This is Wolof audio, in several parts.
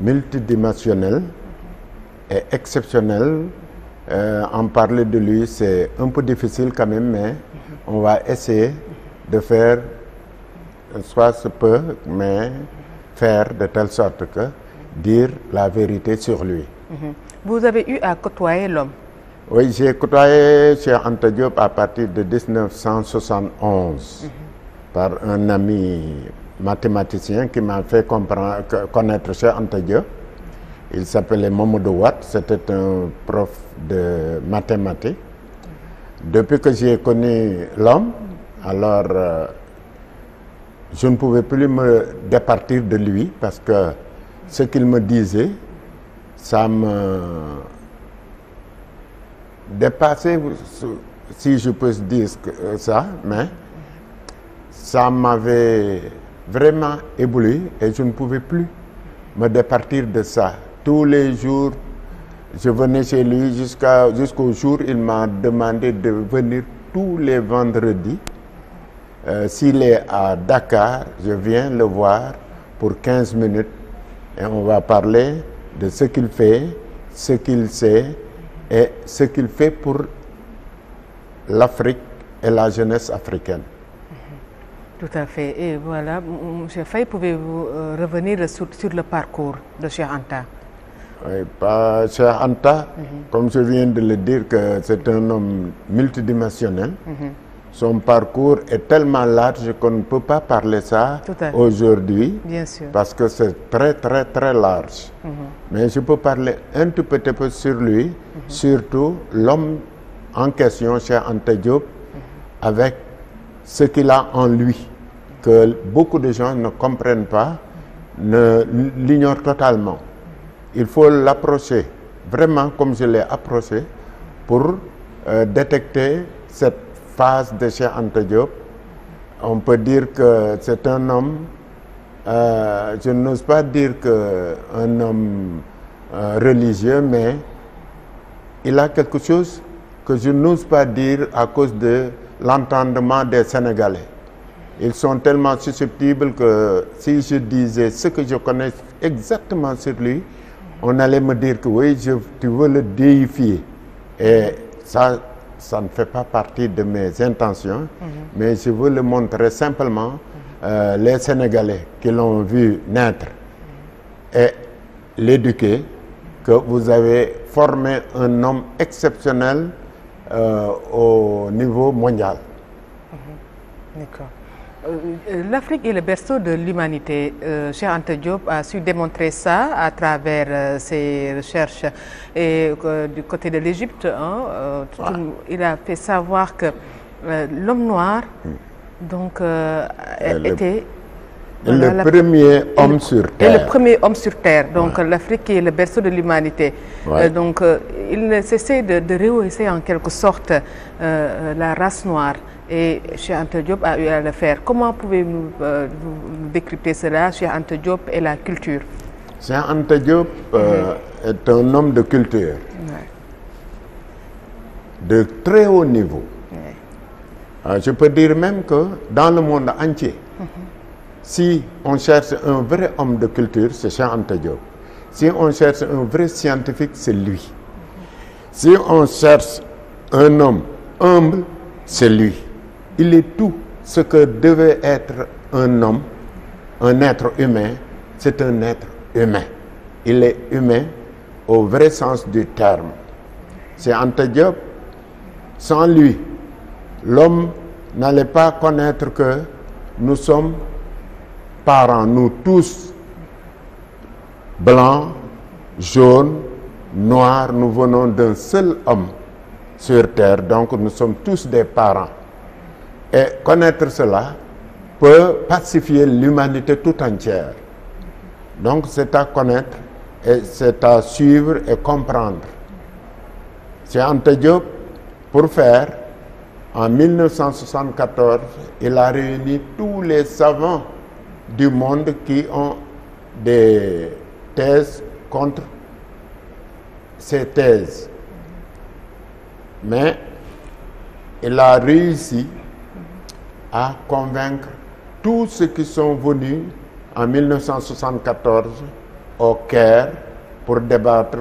multidimensionnel et exceptionnel. Euh, en parler de lui, c'est un peu difficile quand même, mais on va essayer de faire, euh, soit ce peu, mais faire de telle sorte que dire la vérité sur lui. Mhm. Vous avez eu à côtoyer l'homme Oui, j'ai côtoyé chez Anta Diop à partir de 1971 mm -hmm. par un ami mathématicien qui m'a fait comprendre, connaître Cheikh Anta Diop. Il s'appelait Mamadou Watt, c'était un prof de mathématiques. Depuis que j'ai connu l'homme, alors euh, je ne pouvais plus me départir de lui parce que ce qu'il me disait, ça me dépassait, si je peux dire euh, ça, mais ça m'avait vraiment ébloui et je ne pouvais plus me départir de ça. Tous les jours, je venais chez lui jusqu'à jusqu'au jour il m'a demandé de venir tous les vendredis. Euh, s'il est à Dakar, je viens le voir pour 15 minutes et on va parler de ce qu'il fait, ce qu'il sait et ce qu'il fait pour l'Afrique et la jeunesse africaine. Tout à fait. Et voilà, Monsieur Faye, pouvez-vous euh, revenir sur, sur, le parcours de Cheikh Anta Oui, pas Cheikh Anta, mm -hmm. comme je viens de le dire, que c'est un homme multidimensionnel. Mm -hmm. Son parcours est tellement large qu'on ne peut pas parler ça aujourd'hui. Bien sûr. Parce que c'est très, très, très large. Mm -hmm. Mais je peux parler un tout petit peu sur lui, mhm. surtout l'homme en question, Cheikh Anta Diop, mhm. avec ce qu'il a en lui, que beaucoup de gens ne comprennent pas, ne l'ignorent totalement. Il faut l'approcher vraiment comme je l'ai approché pour euh, détecter cette phase de Cheikh Anta Diop. On peut dire que c'est un homme, euh, je n'ose pas dire qu'un homme euh, religieux, mais il a quelque chose que je n'ose pas dire à cause de l'entendement des Sénégalais. Ils sont tellement susceptibles que si je disais ce que je connais exactement sur lui, on allait me dire que oui, je, tu veux le déifier. Et ça, ça ne fait pas partie de mes intentions, mm -hmm. mais je veux le montrer simplement euh, les Sénégalais qui l'ont vu naître et l'éduquer, que vous avez formé un homme exceptionnel euh, au niveau mondial. Mmh. D'accord. Euh, euh, L'Afrique est le berceau de l'humanité. Euh, Cheikh Anta Diop a su démontrer ça à travers euh, ses recherches. Et euh, du côté de l'Égypte, hein, euh, tout, ouais. il a fait savoir que l'homme noir hmm. donc, était... Le... Voilà, le premier homme sur terre. Et le premier homme sur terre. Donc ouais. l'Afrique qui est le berceau de l'humanité. Ouais. Euh, donc euh, il ne cessait de, de rehausser en quelque sorte euh, euh, la race noire. Et Cheikh Anta Diop a eu à le faire. Comment pouvez-vous nous euh, décrypter cela, Cheikh Anta Diop et la culture Cheikh Anta Diop mm -hmm. est un homme de culture. Ouais. De très haut niveau. je peux dire même que dans le monde entier, mm -hmm si on cherche un vrai homme de culture c'est Cheikh Anta Diop si on cherche un vrai scientifique c'est lui si on cherche un homme humble c'est lui il est tout ce que devait être un homme un être humain c'est un être humain il est humain au vrai sens du terme c'est Anta Diop sans lui l'homme n'allait pas connaître que nous sommes parents nous tous blancs jaunes noirs nous venons d'un seul homme sur terre donc nous sommes tous des parents et connaître cela peut pacifier l'humanité tout entière donc c'est à connaître et c'est à suivre et comprendre c'est Anta Diop pour faire en il a réuni tous les savants du monde qui ont des thèses contre ces thèses. Mais il a réussi à convaincre tous ceux qui sont venus en au Caire pour débattre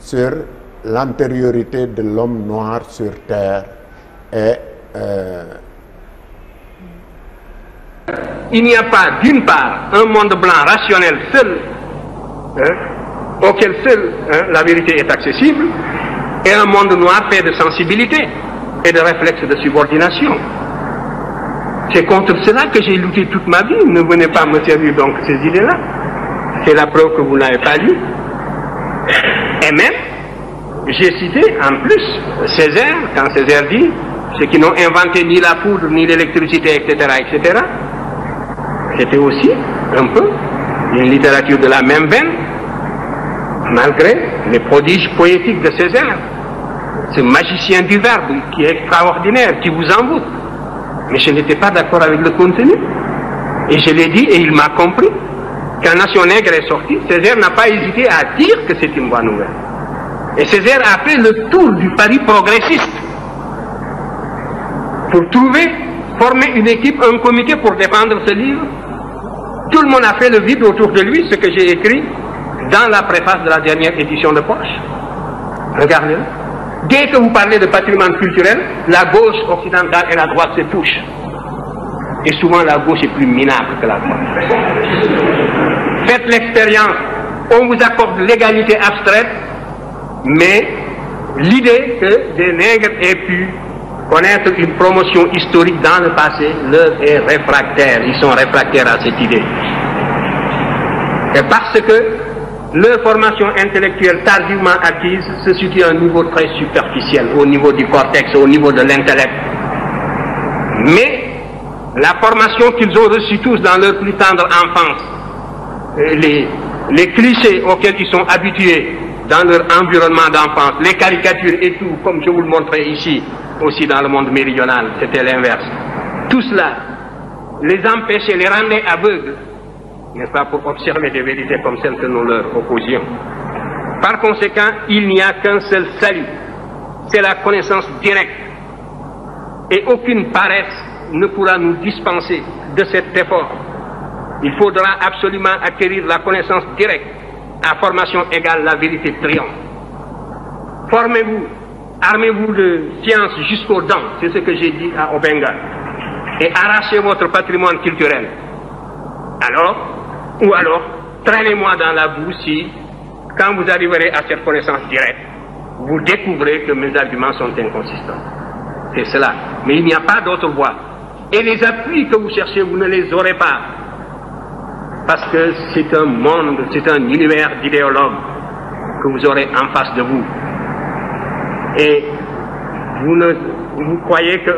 sur l'antériorité de l'homme noir sur Terre et euh, il n'y a pas d'une part un monde blanc rationnel seul, auquel seul la vérité est accessible, et un monde noir fait de sensibilité et de réflexes de subordination. C'est contre cela que j'ai lutté toute ma vie. Ne venez pas me servir donc ces idées-là. C'est la preuve que vous n'avez pas lu. Et même, j'ai cité en plus Césaire, quand Césaire dit, ceux qui n'ont inventé ni la poudre, ni l'électricité, etc., etc., c'était aussi un peu une littérature de la même veine, malgré les prodiges poétiques de Césaire, ce magicien du verbe qui est extraordinaire, qui vous envoûte. Mais je n'étais pas d'accord avec le contenu. Et je l'ai dit et il m'a compris. Quand Nation Nègre est sorti, Césaire n'a pas hésité à dire que c'est une bonne nouvelle. Et Césaire a fait le tour du pari progressiste pour trouver, former une équipe, un comité pour défendre ce livre Tout le monde a fait le vide autour de lui, ce que j'ai écrit dans la préface de la dernière édition de Poche. Regardez-le. Dès que vous parlez de patrimoine culturel, la gauche occidentale et la droite se touchent. Et souvent la gauche est plus minable que la droite. Faites l'expérience. On vous accorde l'égalité abstraite, mais l'idée que des nègres aient pu connaître une promotion historique dans le passé leur est réfractaire. Ils sont réfractaires à cette idée. parce que leur formation intellectuelle tardivement acquise se situe à un niveau très superficiel, au niveau du cortex, au niveau de l'intellect. Mais la formation qu'ils ont reçue tous dans leur plus tendre enfance, euh, les, les clichés auxquels ils sont habitués dans leur environnement d'enfance, les caricatures et tout, comme je vous le montrais ici, aussi dans le monde méridional, c'était l'inverse. Tout cela les empêchait, les rendait aveugles, n'est-ce pas, pour observer des vérités comme celles que nous leur opposions. Par conséquent, il n'y a qu'un seul salut, c'est la connaissance directe. Et aucune paresse ne pourra nous dispenser de cet effort. Il faudra absolument acquérir la connaissance directe. À formation égale, la vérité triomphe. Formez-vous armez-vous de science jusqu'aux dents, c'est ce que j'ai dit à Obenga, et arrachez votre patrimoine culturel. Alors, ou alors, traînez-moi dans la boue si, quand vous arriverez à cette connaissance directe, vous découvrez que mes arguments sont inconsistants. C'est cela. Mais il n'y a pas d'autre voie. Et les appuis que vous cherchez, vous ne les aurez pas. Parce que c'est un univers d'idéologues que vous aurez en face de vous. Et vous, ne, vous croyez que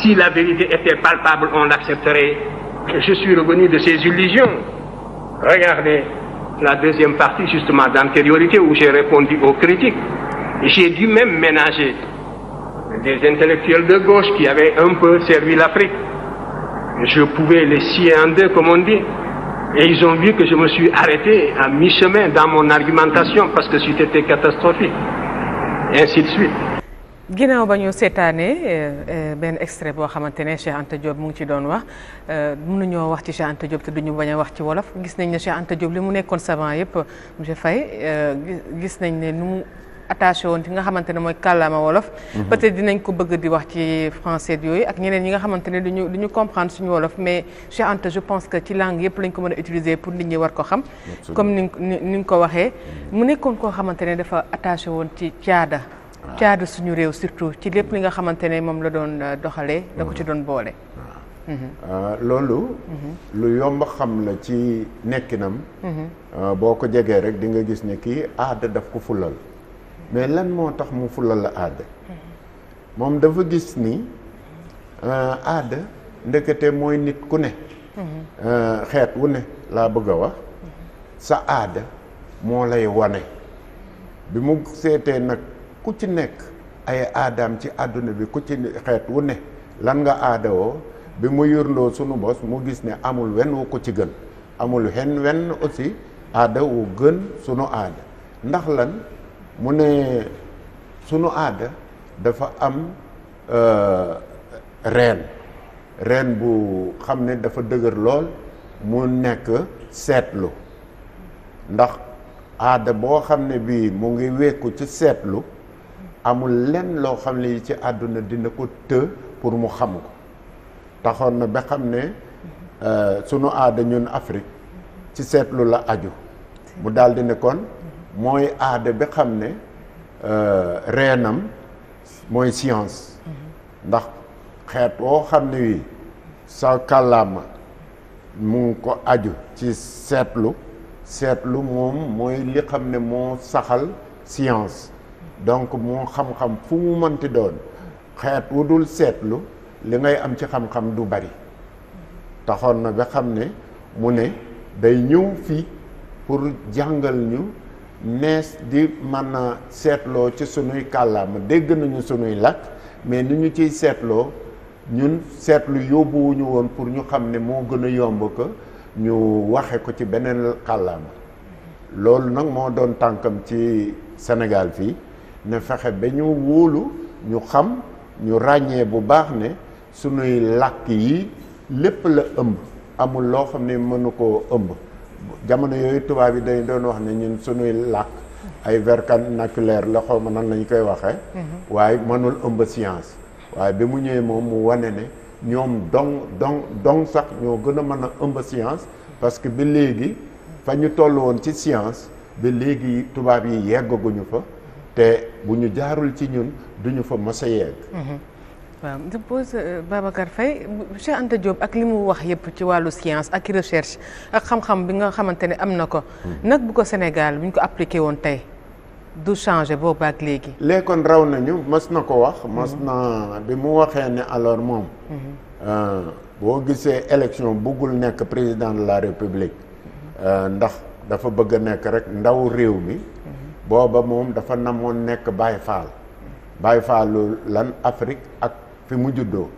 si la vérité était palpable, on l'accepterait. Je suis revenu de ces illusions. Regardez la deuxième partie justement d'antériorité où j'ai répondu aux critiques. J'ai dû même ménager des intellectuels de gauche qui avaient un peu servi l'Afrique. Je pouvais les scier en deux, comme on dit. Et ils ont vu que je me suis arrêté à mi-chemin dans mon argumentation parce que c'était catastrophique. ainsi ginnaaw ba ñu seetaanee euh, euh, benn extrait boo xamante ne Cheikh Anta Diop mu ngi ci doon wax euh, mënuñoo wax ci Cheikh Anta Diop te duñu bañ a wax ci wolof gis nañ ne Cheikh Anta Diop li mu nekkoon savant yëpp monsieur Faye gis nañ ne nu mu attaché woon ci nga xamante ne mooy kàllaama wolof mhm. peut-être dinañ ko bëgg di wax ci français yooyu ak ñeneen ñi nga xamante ne duñu duñu comprendre suñu wolof mais Cheikh Anta je pense que ci langue yëpp lañ ko mën a utiliser pour nit ñi war ko xam comme ni ni nga ko waxee mhm. mu nekkoon koo xamante ne dafa attaché woon ci caada ah. caada suñu réew surtout ci lépp li nga xamante ne moom la doon euh, doxalee da ko ci mhm. doon boole ah. Ah, loolu lu yomb xam la ci nekkinam boo ko jegee rek di nga gis ne kii aada daf ko fulal mais lan moo tax mu fulal la aada moom dafa gis ni euh, aada ndekete mooy nit ku ne euh, xeet wu ne laa bëgg a wax sa aada moo lay wane bi mu seetee nag ku ci nekk ay aadaam ci àdduna bi ku ci xeet wu ne lan nga aada woo bi mu yurndoo sunu bos mu gis ne amul wenn wu ko ci gën amul hen wenn aussi aada wu gën sunu aada ndax lan mu ne sunu aada dafa am euh, reen reen bu xam ne dafa dëgër lool mu nekk seetlu ndax aada boo xam ne bii mu ngi wékku ci seetlu amul lenn loo xam ne yi ci àdduna dina ko të pour mu xam ko taxoon na ba xam ne euh, sunu aada ñun Afrique ci seetlu la aju mu daldi di ne kon mooy aada bi xam ne euh, reenam mooy science mm-hmm. ndax xeet woo xam ne wi sa kàllaama mu ngi ko aju ci seetlu seetlu moom mooy li xam ne moo saxal science donc moo xam-xam fu mu mënti doon xeet wu dul seetlu li ngay am ci xam-xam du bari taxoon na ba xam ne mu ne day ñëw fii pour jàngal ñu nees di mën a seetloo ci sunuy kàllaama dégg nañu sunuy làkk mais ni ñu ciy seetloo ñun seetlu yóbbuwuñu woon pour ñu xam ne moo gën a yomb ko ñu waxe ko ci beneen kàllaama loolu nag moo doon tànkam ci Sénégal fii ne fexe ba ñu wóolu ñu xam ñu ràññee bu baax ne sunuy làkk yi lépp la ëmb amul loo xam ne mënu koo ëmb jamono yooyu tubaab yi dañ doon wax ne ñun suñuy làkk ay vernaculaire la xaw ma nan lañu koy waxee mhm. waaye mënul ëmb science waaye bi mu ñëwee moom mu wane ne ñoom dong dong dong sax ñoo gën a mën a ëmb science parce que bi léegi fa ñu toll woon ci science bi léegi tubaab yi yeggaguñu fa te bu ñu jaarul ci ñun duñu fa mës a yegg mhm. waaw je pose euh, Babacar ak li mu wax yëpp ci wàllu science ak recherche ak xam-xam bi nga xamante ni am na ko. Hmm. nag bu ko Sénégal bu ñu ko appliqué woon tey du changé boobaa ak léegi. léegi kon raw nañu mës na ko wax. mës hmm. na bi mu waxee ne alors moom. Hmm. Euh, boo gisee élection bëggul nekk président de la république. Euh, ndax dafa bëgg a nekk rek ndaw réew mi. booba moom dafa namoon nekk Baye Fall. Baye Fallu lan Afrique ak. fi mu juddoo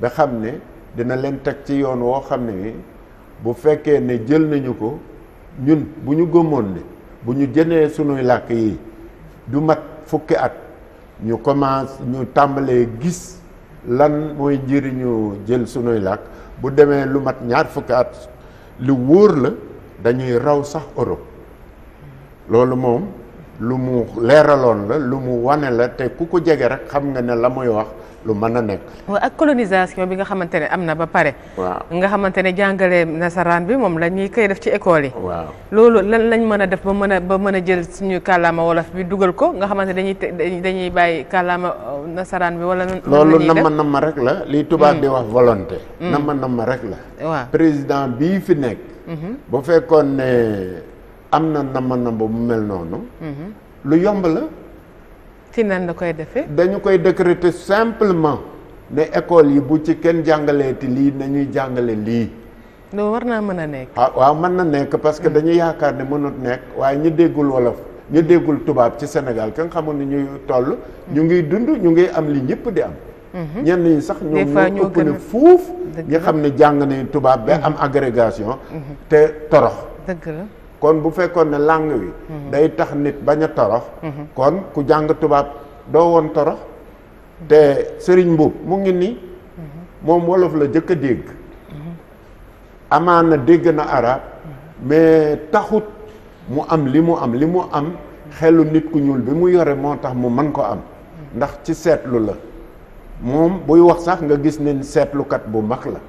ba xam ne dina leen teg ci yoon woo xam ne wi bu fekkee ne jël nañu ko ñun bu ñu gëmoon ne bu ñu jënee sunuy làkk yi du mat fukki at ñu commence ñu tàmbalee gis lan mooy njëriñu jël sunuy làkk bu demee lu mat ñaar fukki at lu wóor la dañuy raw sax Europe loolu moom lu mu leeraloon la lu mu wane la te ku ko jege rek xam nga ne la muy wax lu mën a nekk. waaw ak colonisation bi nga xamante ne am na ba pare. waaw nga xamante ne jàngale nasaraan bi moom la ñuy koy def ci école yi. waaw loolu lan lañ mën a def ba mën a ba mën a jël suñu kàllaama wolof bi dugal ko nga xamante dañuy dañuy bàyyi kàllaama uh, nasaraan bi wala. loolu nama nama rek la li tubaab di mm. wax volonté. Mm. nama nama rek la. waaw président bii fi nekk. Mm-hmm. bu fekkoon ne. am na namba namba bu mel noonu. Mhm. lu yomb la. ci nan la koy defee. dañu koy décréter simplement ne école yi bu ci kenn jàngaleeti lii nañuy jàngale lii. loolu war naa mën a nekk. ah waaw mën na nekk parce que mm. dañu yaakaar ne mënut nekk waaye ñu déggul wolof ñu déggul tubaab ci Sénégal kenn xamul ni ñuy toll. Mm. ñu ngi dund ñu ngi am li ñëpp di am. Mm-hmm. ñenn ñi sax ñoom ñoo ëpp ne fuuf. ñi xam ne jàng nañu tubaab ba mm-hmm. am agrégation. Mm-hmm. te torox. dëgg kon bu fekkoon ne làng wi. Mhm. day tax nit bañ a torox. Mhm. kon ku jàng tubaab doo woon torox. te Serigne Mbuub mu ngi nii. Mhm. moom wolof la jëkk a dégg. amaana dégg na arab mais taxut mu am li mu am li mu am xelu nit ku ñuul bi mu yore moo tax mu mën ko am. ndax ci seetlu la moom buy wax sax nga gis ne seetlukat bu mag la.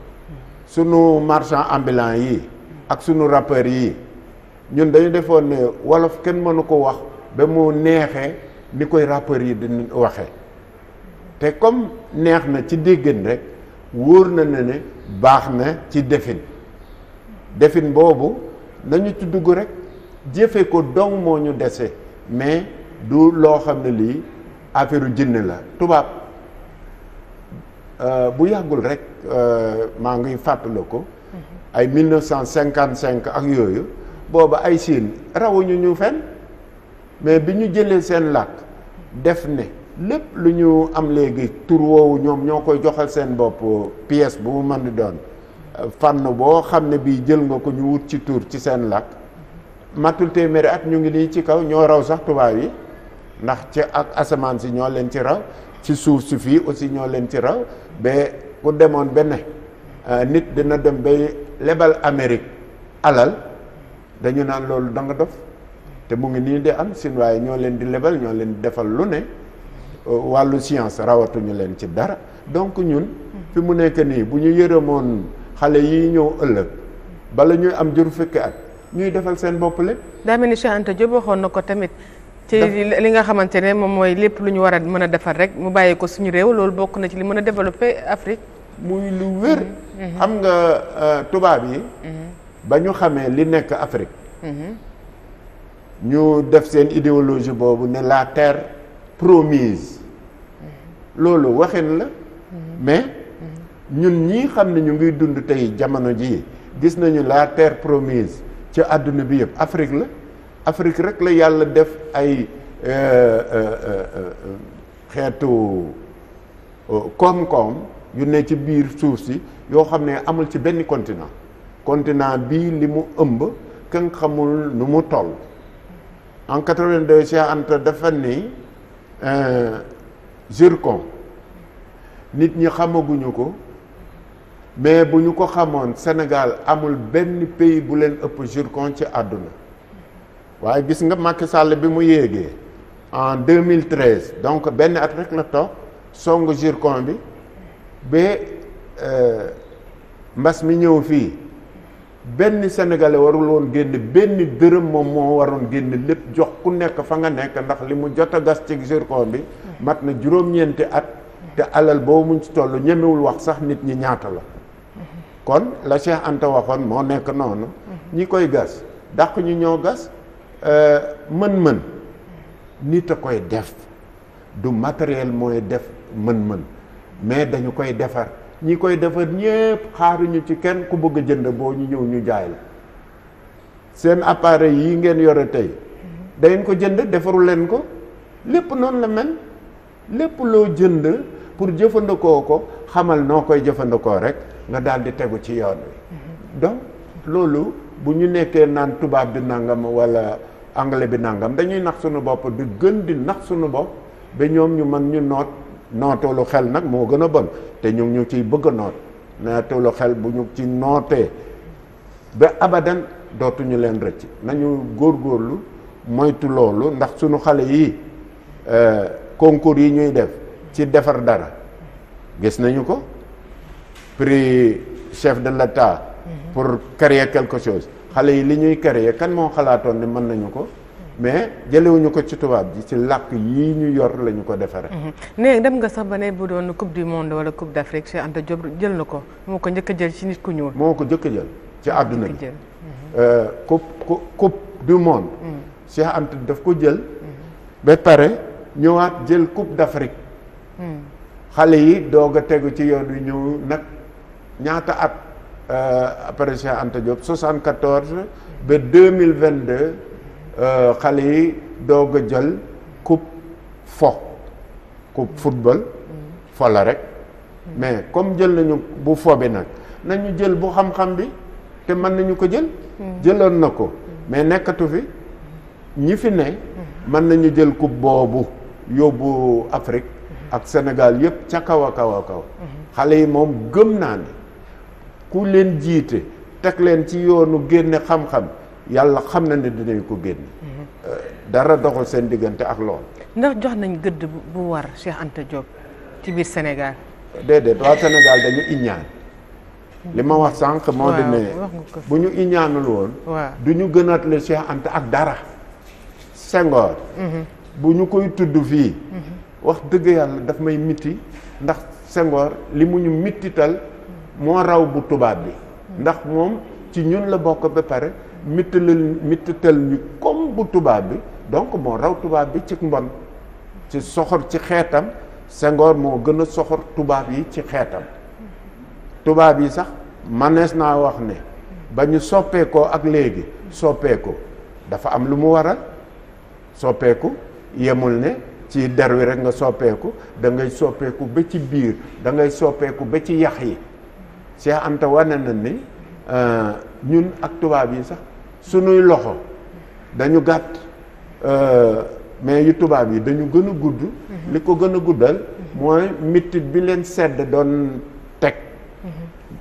sunu marchand ambulant yi ak sunu rappeur yi. ñun dañu defoon ne wolof kenn mënu ko wax ba mu neexee ni koy rappeurs yi di waxee te comme neex na ci déggin rek wóor na ne ne baax na ci defin defin boobu nañu ci dugg rek jëfe ko dong moo ñu dese mais du loo xam ne lii affaire jinne la tubaab euh, bu yàggul rek euh, maa ngi fàttaliku ko mhm. ay 1955 ak yooyu booba ay siin rawuñu ñu fen mais bi ñu jëlee seen làkk def ne lépp lu ñu am léegi tur woowu ñoom ñoo koy joxal seen bopp pièce bu mu mën di doon fànn boo xam ne bii jël nga ko ñu wut ci tur ci seen làkk matul téeméeri at ñu ngi nii ci kaw ñoo raw sax tubaab yi ndax ci ak asamaan si ñoo leen ci raw ci suuf si fii aussi ñoo leen ci raw ba ku demoon benn ne euh, nit dina dem bay lebal Amérique alal dañu naan loolu danga nga dof te mu ngi nii de am waaye ñoo leen di lebal ñoo leen di defal lu ne wàllu science rawatuñu leen ci dara donc ñun fi mu nekk nii bu ñu yërëmoon xale yi ñëw ëllëg bala ñuy am jur fukki at ñuy defal seen bopp lépp daa mel ni Cheikh Anta Diop waxoon na ko tamit ci li nga xamante ne moom mooy lépp lu ñu war a mën a defar rek mu bàyyi ko suñu réew loolu bokk na ci li mën a développer Afrique muy lu wér mm-hmm. xam nga euh, tubaab yi mm-hmm. ba ñu xamee li nekk Afrique ñu def seen idéologie boobu ne la terre promise loolu waxin la mais ñun ñii xam ne ñu ngi dund tey jamono jii gis nañu la terre promise ci àdduna bi yëpp Afrique la Afrique rek la yàlla def ay euh, euh, euh, xeetu koom-koom yu ne ci biir suuf si yoo xam ne amul ci benn continent continent bii li mu ëmb kenn xamul nu mu toll en 82 Cheikh Anta dafa ni euh, zircon nit ñi xamaguñu ko mais bu ñu ko xamoon Sénégal amul benn pays bu leen ëpp jurkon ci àdduna waaye gis nga Macky Sall bi mu yéegee en 2013 donc benn at rek la toog songu zircon bi ba euh, mbas mi ñëw fii benn sénégalais warul woon génn benn dërëm moom moo waroon génn lépp jox ku nekk fa nga nekk ndax li mu jot a gas ci zircon bi mat na juróom-ñeenti at te alal boobu mu ci toll ñemewul wax sax nit ñi ñaata la kon la Cheikh Anta waxoon moo nekk noonu ñi koy gas dàq ñu ñoo gas euh, mën-mën nit a koy def du matériel mooy def mën-mën mais dañu koy defar ñi koy defar ñépp xaaruñu ci kenn ku bëgg jënd boo ñu ñëw ñu jaay la seen appareil yi ngeen yore tey dangeen ko jënd defaru leen ko lépp noonu la mel lépp loo jënd pour jëfandikoo ko xamal noo koy jëfandikoo rek nga daal di tegu ci yoon wi donc loolu bu ñu nekkee naan tubaab bi nangam walla anglais bi nangam dañuy nax sunu bopp di gën di nax sunu bopp ba ñoom ñu man ñu noot nooteelu xel nag moo gën a bon te ñu ñu ciy bëgg a noot nooteelu xel bu ñu ci nootee ba abadan dootuñu leen rëcc nañu góorgóorlu moytu loolu ndax suñu xale yi konkuur euh, yi ñuy def ci defar dara gis nañu ko prix chef de l'État mhm. pour créer quelque chose xale yi li ñuy créer kan moo xalaatoon ne mën nañu ko mais jëlewuñu ko ci tubaab ji ci làkk yii ñu yor lañu ko defaree. Mhm. nee dem nga sax ba ne bu doon coupe du monde wala coupe d'Afrique Cheikh Anta Diop jël na ko moo ko jëkk a jël ci nit ku ko njëkk jël ci àdduna bi mhm. euh, coupe coupe du monde. Mhm. Cheikh Anta daf ko jël. ba pare ñëwaat jël coupe d'Afrique. xale yi doog a tegu ci yoon wi ñëw nag ñaata at euh, après Cheikh Anta Diop 74 ba mille vingt 2022. Euh, xale yi doog a jël coupe fo coupe football mm. fo rek mm. mais comme jël nañu bu fo nag nañu jël bu xam-xam bi te mën nañu ko jël mm. jëloon na ko mais nekkatu fi ñi fi ne mën nañu jël coupe boobu yóbbu Afrique ak senegal yëpp ca kaw a kaw a kaw xale yi moom gëm naa ne ku leen jiite teg leen ci yoonu génne xam-xam yàlla xam na ne dinañ ko génn mhm. dara doxul seen diggante ak lool ndax jox nañ gëdd bu war Cheikh Anta Diop ci biir Sénégal déedéet waa Sénégal dañu iññaan mhm. li ma wax sànq moo di ne bu ñu iñaanul woon du ñu gënaatle Cheikh Anta ak dara Senghor mhm. koy tudd fii wax dëgg yàlla daf may mitti ndax Senghor li mu ñu mittital moo raw bu tubaab bi ndax moom ci ñun la bokk ba pare mittalal mittatal ñu comme bu tubaab bi donc moo raw tubaab bi ci mbon ci soxor ci xeetam Senghor moo gën a soxor tubaab yi ci xeetam tubaab yi sax manees naa wax ne ba ñu soppeekoo ak léegi soppeeku dafa am lu mu waral soppeeku yemul ne ci der wi rek nga soppeeku da soppeeku ba ci biir dangay soppeeku ba ci yax yi Cheikh Anta wane na ni euh, ñun ak tubaab yi sax sunuy loxo dañu gàtt euh, mais yu tubaab yi dañu gën a gudd mhm. li ko gën a guddal mhm. mooy mettit bi leen sedd doon teg mhm.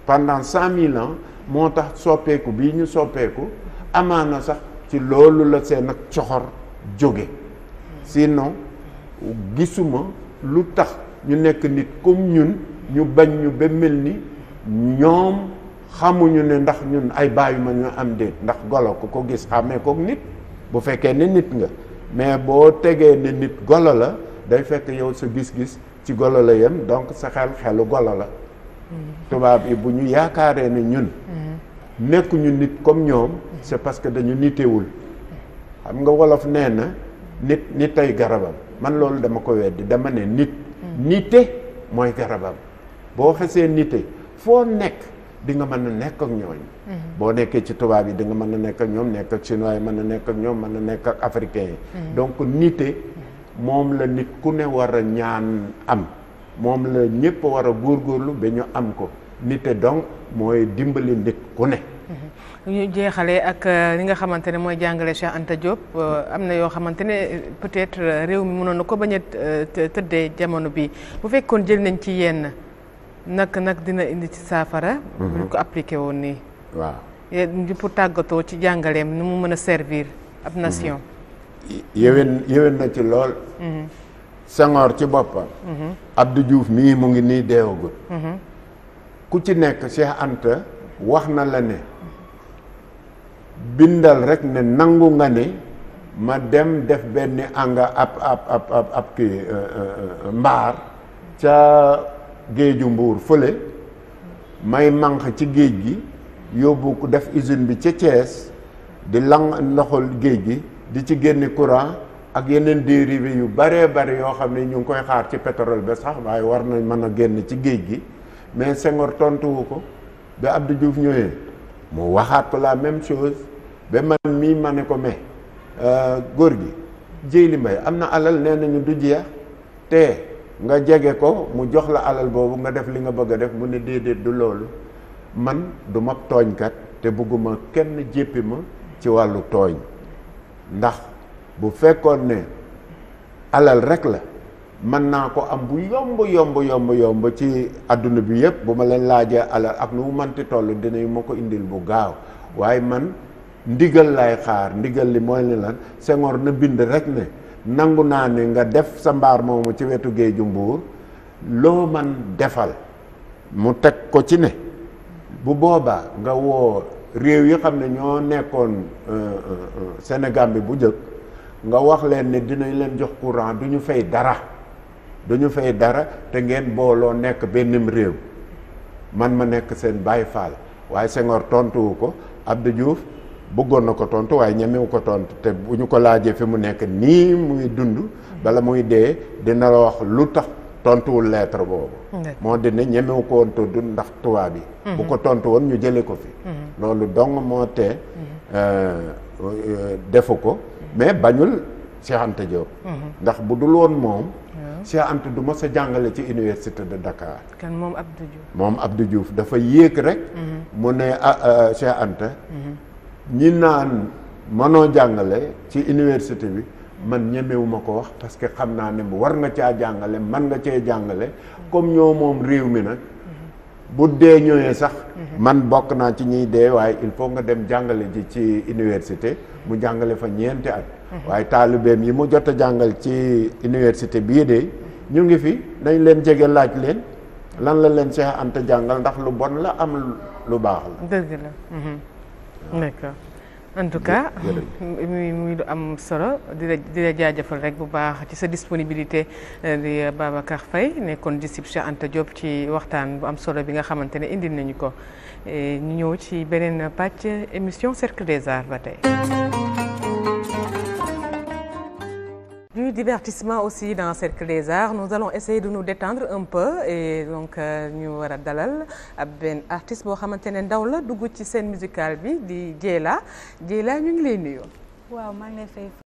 pendant cent mille moo tax soppeeku bii ñu soppeeku amaana sax ci loolu la seen ak coxor jóge sinon gisuma lu tax ñu nekk nit comme ñun ñu bañ ñu ba mel ni ñoom xamuñu ne ndax ñun ay bàyyi ma ñu am déet ndax golo ku ko gis xàmmee kook nit bu fekkee ne nit nga mais boo tegee ne nit golo la day fekk yow sa gis-gis ci golo la yem donc sa xel xelu golo la mm-hmm. tubaab yi bu ñu yaakaaree ne ñun mm-hmm. nekkuñu nit comme ñoom mm-hmm. c'est parce que dañu nitewul xam nga wolof nee na nit nitay garabam man loolu dama ko weddi dama ne nit nite mooy garabam boo xesee nite foo nekk di nga mën na nekk ak ñooñu. Mhm. boo nekkee ci tubaab yi di mën na nekk ak ñoom nekk ak chinois mën na nekk ak ñoom mën a nekk ak africain yi. Mhm. donc nite moom la nit ku ne war a ñaan am moom la ñëpp war a góorlu ba ñu am ko nite donc mooy dimbali nit ku ne. Mhm. ñu jeexalee ak euh, li nga xamante ne mooy jàngale Cheikh Anta euh, am na yoo xamante ne peut-être euh, réew mi mënoon na ko bañ a tëddee jamono bi bu fekkoon jël nañ ci yenn. nak nag dina indi ci saafara. buñ mhm. ko appliqué woon nii. waaw yéen tàggatoo ci jàngaleem ni mu mën a servir ab mhm. nation. yéwén yéwén na ci lool. Mhm. Senghor ci boppam. Abdou Diouf mii mu ngi nii deewagul. ku ci nekk Cheikh Anta wax na la ne bindal rek ne nangu nga ne ma dem def benn anga ab ab ab ab kii euh, euh, euh, mbaar ca. géeju mbuur fële may manq ci géej gi yóbbu ko def usine bi ca Thiès di lang loxol géej gi di ci génne courant ak yeneen dérivé yu baree bari yoo xam ne ñu ngi koy xaar ci pétrole ba sax waaye war na mën a génn ci géej gi mais sengor tontuwu ko ba Abdou Diouf ñëwee mu waxaat ko la même chose ba man mii ma ne ko mais euh, góor gi li mbay am na alal nee nañu du jeex te nga jege ko mu jox la alal boobu nga def li nga bëgg a def mu ne déedéet du loolu man du ma tooñkat te bëgguma kenn jéppi ma ci wàllu tooñ ndax bu fekkoon ne alal rek la mën naa ko am bu yomb yomb yomb yomb ci àdduna bi yëpp bu ma leen laajee alal ak nu mu manti toll dinañ ma ko indil bu gaaw waaye man ndigal laay xaar ndigal li mooy ne lan sengoor na bind rek ne nangu naa ni nga def sa mbaar moomu ci wetu géeju mbuur loo man defal mu teg ko ci ne bu boobaa nga woo réew yi xam ne ñoo nekkoon euh, euh, euh, Sénégal bi bu njëkk nga wax leen ne dinañ leen jox courant du ñu fay dara du ñu fay dara te ngeen booloo nekk benn réew man ma nekk seen Baay Faal waaye Senghor tontuwu ko Abdou bëggoon na ko tontu waaye ñemewu ko tontu te bu ñu ko laajee fi mu nekk nii muy dund bala muy dee dina la wax lu tax tontuwul lettre boobu moo dina ñemewu ko woon tudd ndax tubaab bi mhm. bu ko tontu woon ñu jële ko fi mhm. loolu dong moo mhm. euh, ko mais bañul Cheikh bu dul woon moom Cheikh Anta du mës a jàngale ci université de Dakar kan moom Abdou Diouf dafa yéeg rek mu ne ah, euh, Cheikh ñi naan mënoo jàngale ci université bi man ñemewuma ko wax parce que xam naa ne war nga caa jàngale man nga cee jàngale comme ñoo moom réew mi nag bu dee ñëwee sax man bokk naa ci ñuy dee waaye il faut nga dem jàngale ji ci université mu jàngale fa ñeenti ak waaye taalibeem yi mu jot a jàngal ci université bii de ñu ngi fi nañ leen jege laaj leen lan la leen Cheikh Anta jàngal ndax lu bon la am lu baax la d'accord en tout cas muy muy lu am solo di la di la jaajëfal rek bu baax ci sa disponibilité euh, di Babacar Faye nekkoon disciple Cheikh Anta Diop ci waxtaan bu am solo bi nga xamante ne indil nañu ko ñu ñëw ci beneen pàcc émission cercle des arts ba tey du divertissement aussi dans Cercle des Arts nous allons essayer de nous détendre un peu et donc euh, ñu war a dalal ab benn artiste boo xamante ne ndaw la dugg ci scène musicale bi di Dieyla Dieyla ñu ngi lay nuyu. waaw maa ngi lay fay.